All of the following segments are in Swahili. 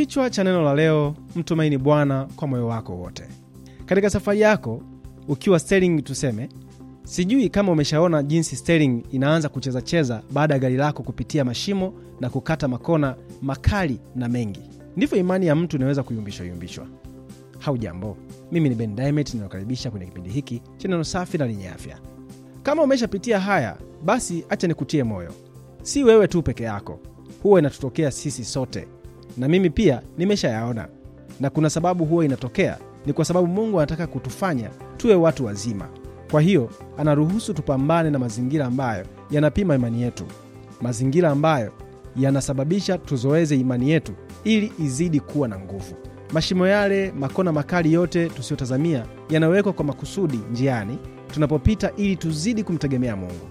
Kichwa cha neno la leo: mtumaini Bwana kwa moyo wako wote. Katika safari yako ukiwa sterling tuseme, sijui kama umeshaona jinsi sterling inaanza kuchezacheza baada ya gari lako kupitia mashimo na kukata makona makali na mengi. Ndivyo imani ya mtu inaweza kuyumbishwa yumbishwa. hau jambo mimi ni Ben dimet inayokaribisha kwenye kipindi hiki cha neno safi na lenye afya. Kama umeshapitia haya, basi acha nikutie moyo, si wewe tu peke yako, huwa inatutokea sisi sote na mimi pia nimeshayaona, na kuna sababu huwa inatokea, ni kwa sababu Mungu anataka kutufanya tuwe watu wazima. Kwa hiyo anaruhusu tupambane na mazingira ambayo yanapima imani yetu, mazingira ambayo yanasababisha tuzoeze imani yetu ili izidi kuwa na nguvu. Mashimo yale, makona makali yote tusiyotazamia yanawekwa kwa makusudi njiani tunapopita ili tuzidi kumtegemea Mungu.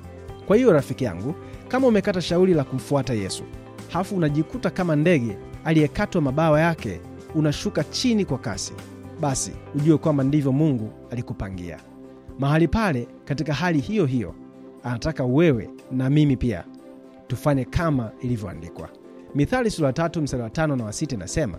Kwa hiyo rafiki yangu, kama umekata shauri la kumfuata Yesu, hafu unajikuta kama ndege aliyekatwa mabawa yake unashuka chini kwa kasi, basi ujue kwamba ndivyo Mungu alikupangia. Mahali pale, katika hali hiyo hiyo, anataka wewe na mimi pia tufanye kama ilivyoandikwa. Mithali sura tatu mstari wa tano na wa sita inasema,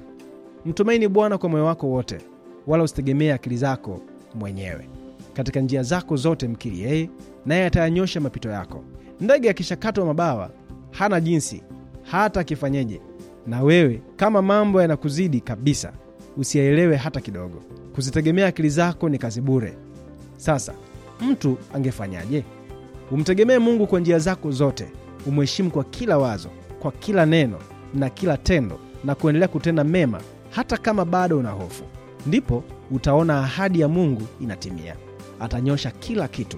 mtumaini Bwana kwa moyo wako wote, wala usitegemee akili zako mwenyewe. Katika njia zako zote mkiri yeye, naye atayanyosha mapito yako. Ndege akishakatwa mabawa hana jinsi, hata akifanyeje, na wewe kama mambo yanakuzidi kabisa, usiyaelewe hata kidogo. Kuzitegemea akili zako ni kazi bure. Sasa mtu angefanyaje? Umtegemee Mungu kwa njia zako zote, umheshimu kwa kila wazo, kwa kila neno na kila tendo, na kuendelea kutenda mema hata kama bado una hofu. Ndipo utaona ahadi ya Mungu inatimia. Atanyosha kila kitu.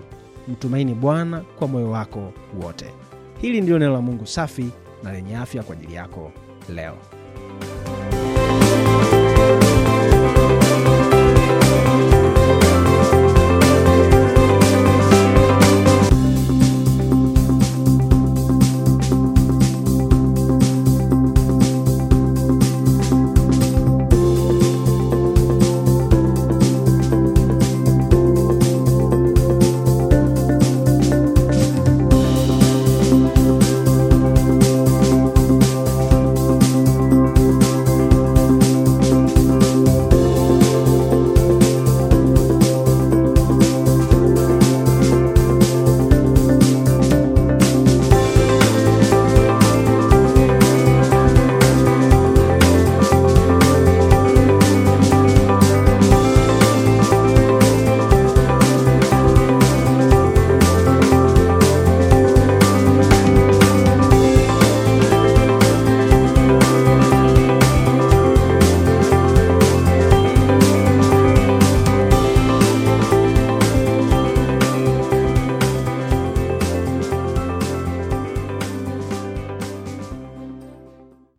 Mtumaini Bwana kwa moyo wako wote. Hili ndilo neno la Mungu safi na lenye afya kwa ajili yako. 聊。